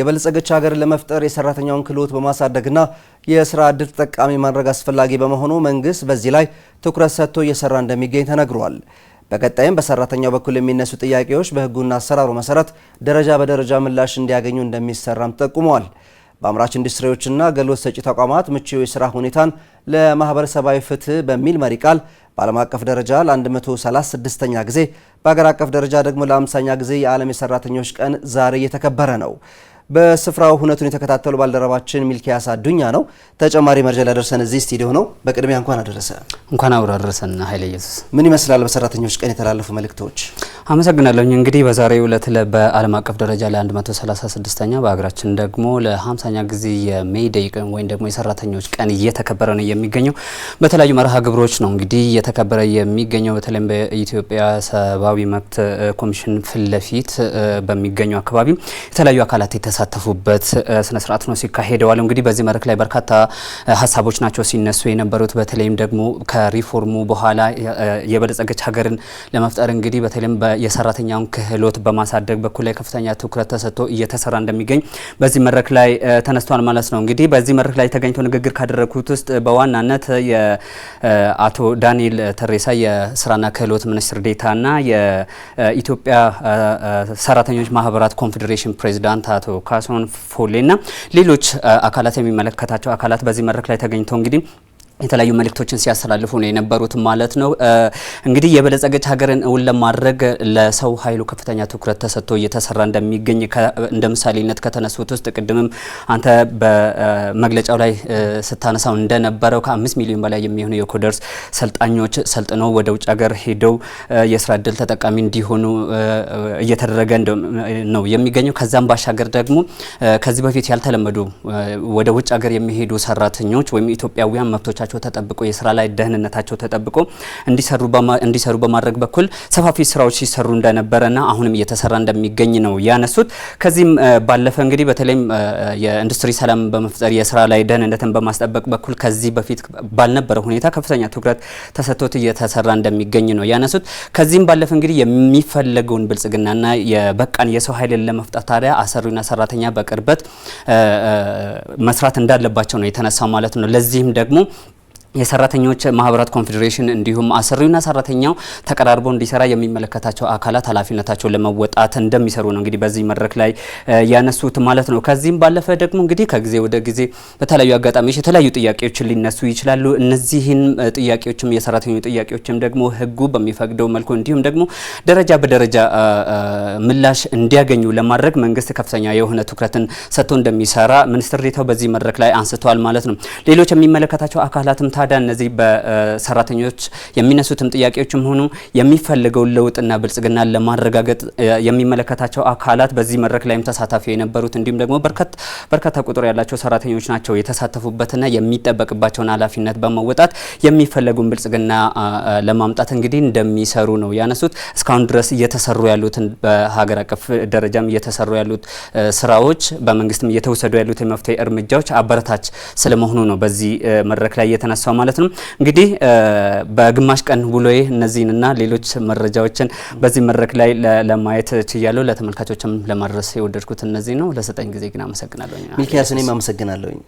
የበለጸገች ሀገር ለመፍጠር የሰራተኛውን ክህሎት በማሳደግና የስራ እድል ተጠቃሚ ማድረግ አስፈላጊ በመሆኑ መንግስት በዚህ ላይ ትኩረት ሰጥቶ እየሰራ እንደሚገኝ ተነግሯል። በቀጣይም በሰራተኛው በኩል የሚነሱ ጥያቄዎች በህጉና አሰራሩ መሰረት ደረጃ በደረጃ ምላሽ እንዲያገኙ እንደሚሰራም ጠቁመዋል። በአምራች ኢንዱስትሪዎችና አገልግሎት ሰጪ ተቋማት ምቹ የስራ ሁኔታን ለማህበረሰባዊ ፍትህ በሚል መሪ ቃል በዓለም አቀፍ ደረጃ ለ136ኛ ጊዜ በአገር አቀፍ ደረጃ ደግሞ ለ50ኛ ጊዜ የዓለም የሰራተኞች ቀን ዛሬ እየተከበረ ነው። በስፍራው ሁነቱን የተከታተሉ ባልደረባችን ሚልኪያስ አዱኛ ነው ተጨማሪ መረጃ ሊያደርሰን እዚህ ስቱዲዮ ነው። በቅድሚያ እንኳን አደረሰ እንኳን አብሮ አደረሰን ኃይለ ኢየሱስ። ምን ይመስላል በሰራተኞች ቀን የተላለፉ መልእክቶች? አመሰግናለሁኝ። እንግዲህ በዛሬው ዕለት በዓለም አቀፍ ደረጃ ለ136ኛ በሀገራችን ደግሞ ለ50ኛ ጊዜ የሜይ ቀን ወይም ደግሞ የሰራተኞች ቀን እየተከበረ ነው የሚገኘው። በተለያዩ መርሃ ግብሮች ነው እንግዲህ እየተከበረ የሚገኘው። በተለይም በኢትዮጵያ ሰብአዊ መብት ኮሚሽን ፊት ለፊት በሚገኙ አካባቢ የተለያዩ አካላት የተ የተሳተፉበት ስነስርዓት ነው ሲካሄደዋል። እንግዲህ በዚህ መድረክ ላይ በርካታ ሀሳቦች ናቸው ሲነሱ የነበሩት። በተለይም ደግሞ ከሪፎርሙ በኋላ የበለጸገች ሀገርን ለመፍጠር እንግዲህ በተለይም የሰራተኛውን ክህሎት በማሳደግ በኩል ላይ ከፍተኛ ትኩረት ተሰጥቶ እየተሰራ እንደሚገኝ በዚህ መድረክ ላይ ተነስቷል ማለት ነው። እንግዲህ በዚህ መድረክ ላይ ተገኝቶ ንግግር ካደረጉት ውስጥ በዋናነት የአቶ ዳንኤል ተሬሳ የስራና ክህሎት ሚኒስትር ዴኤታና የኢትዮጵያ ሰራተኞች ማህበራት ኮንፌዴሬሽን ፕሬዚዳንት አቶ ካሳሁን ፎሌና ሌሎች አካላት የሚመለከታቸው አካላት በዚህ መድረክ ላይ ተገኝተው እንግዲህ የተለያዩ መልእክቶችን ሲያስተላልፉ ነው የነበሩት ማለት ነው። እንግዲህ የበለጸገች ሀገርን እውን ለማድረግ ለሰው ኃይሉ ከፍተኛ ትኩረት ተሰጥቶ እየተሰራ እንደሚገኝ እንደ ምሳሌነት ከተነሱት ውስጥ ቅድምም አንተ በመግለጫው ላይ ስታነሳው እንደነበረው ከአምስት ሚሊዮን በላይ የሚሆኑ የኮደርስ ሰልጣኞች ሰልጥነው ወደ ውጭ ሀገር ሄደው የስራ እድል ተጠቃሚ እንዲሆኑ እየተደረገ ነው የሚገኘው። ከዛም ባሻገር ደግሞ ከዚህ በፊት ያልተለመዱ ወደ ውጭ ሀገር የሚሄዱ ሰራተኞች ወይም ኢትዮጵያውያን መብቶች ደህንነታቸው ተጠብቆ የስራ ላይ ደህንነታቸው ተጠብቆ እንዲሰሩ በማድረግ በኩል ሰፋፊ ስራዎች ሲሰሩ እንደነበረና አሁንም እየተሰራ እንደሚገኝ ነው ያነሱት። ከዚህም ባለፈ እንግዲህ በተለይም የኢንዱስትሪ ሰላም በመፍጠር የስራ ላይ ደህንነትን በማስጠበቅ በኩል ከዚህ በፊት ባልነበረ ሁኔታ ከፍተኛ ትኩረት ተሰጥቶት እየተሰራ እንደሚገኝ ነው ያነሱት። ከዚህም ባለፈ እንግዲህ የሚፈለገውን ብልጽግናና የበቃን የሰው ኃይልን ለመፍጠር ታዲያ አሰሪና ሰራተኛ በቅርበት መስራት እንዳለባቸው ነው የተነሳው ማለት ነው። ለዚህም ደግሞ የሰራተኞች ማህበራት ኮንፌዴሬሽን እንዲሁም አሰሪውና ሰራተኛው ተቀራርቦ እንዲሰራ የሚመለከታቸው አካላት ኃላፊነታቸውን ለመወጣት እንደሚሰሩ ነው እንግዲህ በዚህ መድረክ ላይ ያነሱት ማለት ነው። ከዚህም ባለፈ ደግሞ እንግዲህ ከጊዜ ወደ ጊዜ በተለያዩ አጋጣሚዎች የተለያዩ ጥያቄዎች ሊነሱ ይችላሉ። እነዚህን ጥያቄዎችም የሰራተኞች ጥያቄዎችም ደግሞ ህጉ በሚፈቅደው መልኩ እንዲሁም ደግሞ ደረጃ በደረጃ ምላሽ እንዲያገኙ ለማድረግ መንግስት ከፍተኛ የሆነ ትኩረትን ሰጥቶ እንደሚሰራ ሚኒስትር ዴኤታው በዚህ መድረክ ላይ አንስተዋል ማለት ነው። ሌሎች የሚመለከታቸው አካላትም ታዲያ እነዚህ በሰራተኞች የሚነሱትም ጥያቄዎችም ሆኑ የሚፈልገውን ለውጥና ብልጽግና ለማረጋገጥ የሚመለከታቸው አካላት በዚህ መድረክ ላይም ተሳታፊ የነበሩት እንዲሁም ደግሞ በርካታ ቁጥር ያላቸው ሰራተኞች ናቸው የተሳተፉበትና የሚጠበቅባቸውን ኃላፊነት በመወጣት የሚፈለጉን ብልጽግና ለማምጣት እንግዲህ እንደሚሰሩ ነው ያነሱት። እስካሁን ድረስ እየተሰሩ ያሉትን በሀገር አቀፍ ደረጃም እየተሰሩ ያሉት ስራዎች በመንግስትም እየተወሰዱ ያሉት የመፍትሄ እርምጃዎች አበረታች ስለመሆኑ ነው በዚህ መድረክ ላይ የተነሳው ማለት ነው። እንግዲህ በግማሽ ቀን ውሎዬ እነዚህንና ሌሎች መረጃዎችን በዚህ መድረክ ላይ ለማየት ችያለሁ። ለተመልካቾችም ለማድረስ የወደድኩት እነዚህ ነው። ለሰጠኝ ጊዜ ግን አመሰግናለሁ። ሚልኪያስ እኔም አመሰግናለሁኝ።